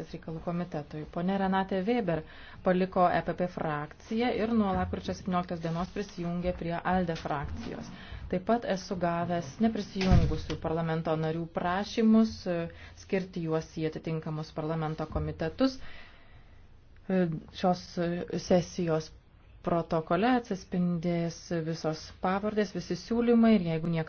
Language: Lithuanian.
Teisės reikalų komitetui. Pone Renate Weber paliko EPP frakciją ir nuo lapkričio 17 dienos prisijungė prie ALDE frakcijos. Taip pat esu gavęs neprisijungusių parlamento narių prašymus e, skirti juos į atitinkamus parlamento komitetus. E, šios e, sesijos protokole atsispindės visos pavardės, visi siūlymai ir jeigu niekas